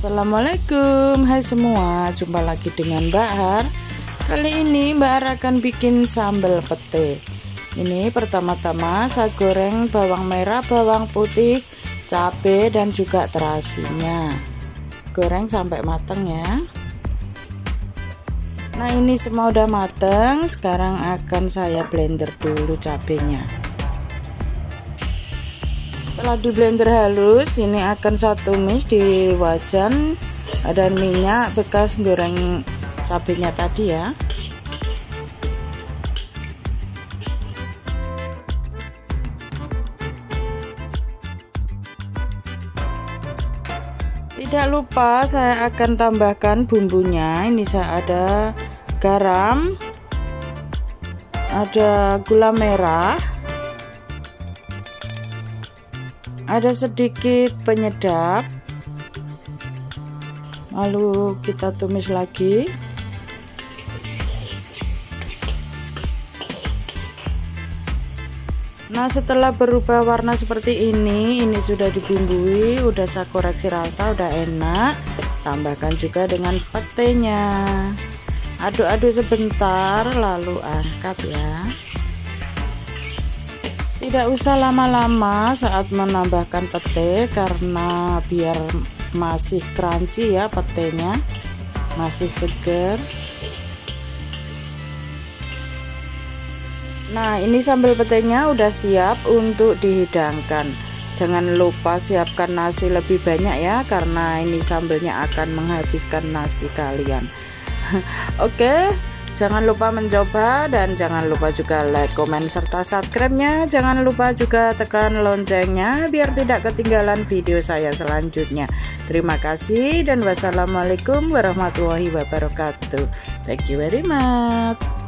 Assalamualaikum Hai semua Jumpa lagi dengan Mbak Har Kali ini Mbak Ara akan bikin sambal pete. Ini pertama-tama saya goreng bawang merah, bawang putih, cabai dan juga terasinya. Goreng sampai matang ya. Nah, ini semua udah matang. Sekarang akan saya blender dulu cabenya. Setelah di blender halus, ini akan satu tumis di wajan dan minyak bekas goreng cabenya tadi ya tidak lupa saya akan tambahkan bumbunya ini saya ada garam ada gula merah ada sedikit penyedap lalu kita tumis lagi Nah setelah berubah warna seperti ini Ini sudah dibumbui Udah saya koreksi rasa udah enak Tambahkan juga dengan petenya Aduk-aduk sebentar Lalu angkat ya Tidak usah lama-lama saat menambahkan pete Karena biar masih crunchy ya petenya Masih seger Nah ini sambal petainya udah siap untuk dihidangkan Jangan lupa siapkan nasi lebih banyak ya Karena ini sambalnya akan menghabiskan nasi kalian Oke Jangan lupa mencoba dan jangan lupa juga like, komen, serta subscribe-nya Jangan lupa juga tekan loncengnya biar tidak ketinggalan video saya selanjutnya Terima kasih dan wassalamualaikum warahmatullahi wabarakatuh Thank you very much